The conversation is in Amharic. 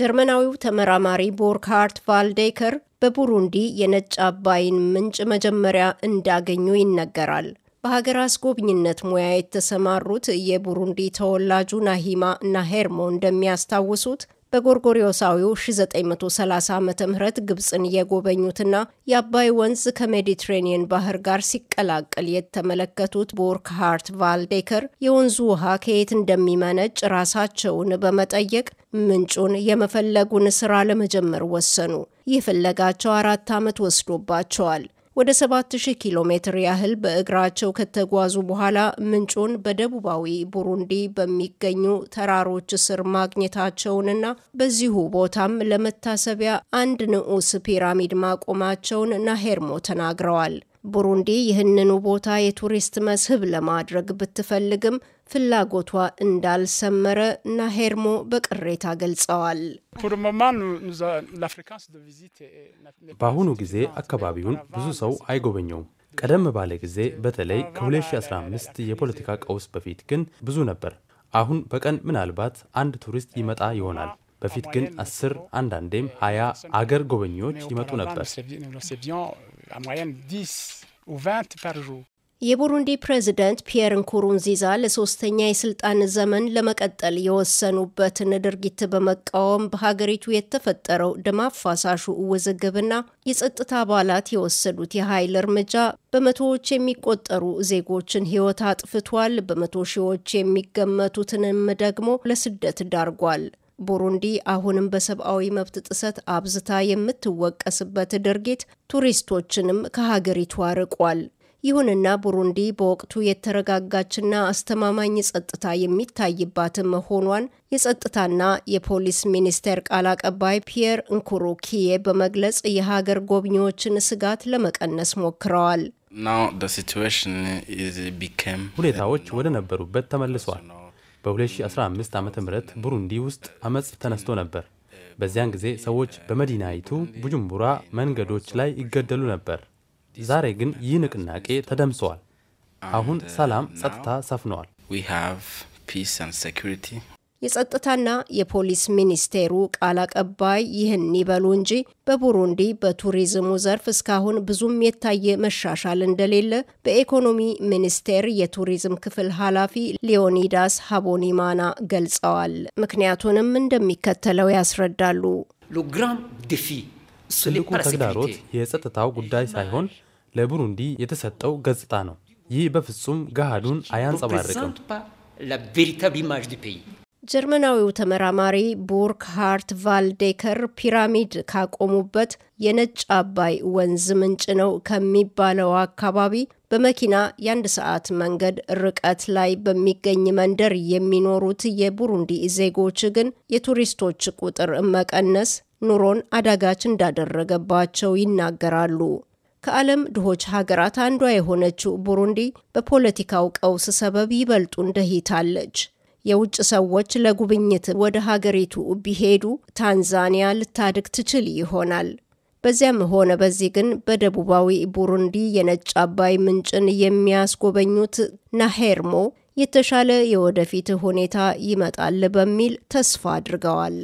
ጀርመናዊው ተመራማሪ ቦርካርት ቫልዴከር በቡሩንዲ የነጭ አባይን ምንጭ መጀመሪያ እንዳገኙ ይነገራል። በሀገር አስጎብኝነት ሙያ የተሰማሩት የቡሩንዲ ተወላጁ ናሂማ ናሄርሞ እንደሚያስታውሱት በጎርጎሪዮሳዊው 1930 ዓ ም ግብፅን የጎበኙትና የአባይ ወንዝ ከሜዲትሬኒየን ባህር ጋር ሲቀላቀል የተመለከቱት ቦርክሃርት ቫልዴከር የወንዙ ውሃ ከየት እንደሚመነጭ ራሳቸውን በመጠየቅ ምንጩን የመፈለጉን ስራ ለመጀመር ወሰኑ። ይህ ፍለጋቸው አራት ዓመት ወስዶባቸዋል። ወደ 7000 ኪሎ ሜትር ያህል በእግራቸው ከተጓዙ በኋላ ምንጩን በደቡባዊ ቡሩንዲ በሚገኙ ተራሮች ስር ማግኘታቸውንና በዚሁ ቦታም ለመታሰቢያ አንድ ንዑስ ፒራሚድ ማቆማቸውን ናሄርሞ ተናግረዋል። ቡሩንዲ ይህንኑ ቦታ የቱሪስት መስህብ ለማድረግ ብትፈልግም ፍላጎቷ እንዳልሰመረ ናሄርሞ በቅሬታ ገልጸዋል። በአሁኑ ጊዜ አካባቢውን ብዙ ሰው አይጎበኘውም። ቀደም ባለ ጊዜ በተለይ ከ2015 የፖለቲካ ቀውስ በፊት ግን ብዙ ነበር። አሁን በቀን ምናልባት አንድ ቱሪስት ይመጣ ይሆናል። በፊት ግን አስር አንዳንዴም ሀያ አገር ጎበኚዎች ይመጡ ነበር። en moyenne 10 ou 20 par jour. የቡሩንዲ ፕሬዝደንት ፒየር ንኩሩንዚዛ ለሶስተኛ የስልጣን ዘመን ለመቀጠል የወሰኑበትን ድርጊት በመቃወም በሀገሪቱ የተፈጠረው ደም አፋሳሹ ውዝግብና የጸጥታ አባላት የወሰዱት የኃይል እርምጃ በመቶዎች የሚቆጠሩ ዜጎችን ሕይወት አጥፍቷል። በመቶ ሺዎች የሚገመቱትንም ደግሞ ለስደት ዳርጓል። ቡሩንዲ አሁንም በሰብአዊ መብት ጥሰት አብዝታ የምትወቀስበት ድርጊት ቱሪስቶችንም ከሀገሪቱ አርቋል። ይሁንና ቡሩንዲ በወቅቱ የተረጋጋችና አስተማማኝ ጸጥታ የሚታይባት መሆኗን የጸጥታና የፖሊስ ሚኒስቴር ቃል አቀባይ ፒየር ኪዬ በመግለጽ የሀገር ጎብኚዎችን ስጋት ለመቀነስ ሞክረዋል። ሁኔታዎች ወደ ነበሩበት ተመልሰዋል። በ2015 ዓ ም ቡሩንዲ ውስጥ አመፅ ተነስቶ ነበር። በዚያን ጊዜ ሰዎች በመዲናይቱ ቡጁምቡራ መንገዶች ላይ ይገደሉ ነበር። ዛሬ ግን ይህ ንቅናቄ ተደምሰዋል። አሁን ሰላም፣ ጸጥታ ሰፍነዋል። የጸጥታና የፖሊስ ሚኒስቴሩ ቃል አቀባይ ይህን ይበሉ እንጂ በቡሩንዲ በቱሪዝሙ ዘርፍ እስካሁን ብዙም የታየ መሻሻል እንደሌለ በኢኮኖሚ ሚኒስቴር የቱሪዝም ክፍል ኃላፊ ሊዮኒዳስ ሀቦኒማና ገልጸዋል። ምክንያቱንም እንደሚከተለው ያስረዳሉ። ትልቁ ተግዳሮት የጸጥታው ጉዳይ ሳይሆን ለቡሩንዲ የተሰጠው ገጽታ ነው። ይህ በፍጹም ገሃዱን አያንጸባርቅም። ጀርመናዊው ተመራማሪ ቡርክሃርት ቫልዴከር ፒራሚድ ካቆሙበት የነጭ አባይ ወንዝ ምንጭ ነው ከሚባለው አካባቢ በመኪና የአንድ ሰዓት መንገድ ርቀት ላይ በሚገኝ መንደር የሚኖሩት የቡሩንዲ ዜጎች ግን የቱሪስቶች ቁጥር መቀነስ ኑሮን አዳጋች እንዳደረገባቸው ይናገራሉ። ከዓለም ድሆች ሀገራት አንዷ የሆነችው ቡሩንዲ በፖለቲካው ቀውስ ሰበብ ይበልጡ እንደሂታለች። የውጭ ሰዎች ለጉብኝት ወደ ሀገሪቱ ቢሄዱ ታንዛኒያ ልታድግ ትችል ይሆናል። በዚያም ሆነ በዚህ ግን በደቡባዊ ቡሩንዲ የነጭ አባይ ምንጭን የሚያስጎበኙት ናሄርሞ የተሻለ የወደፊት ሁኔታ ይመጣል በሚል ተስፋ አድርገዋል።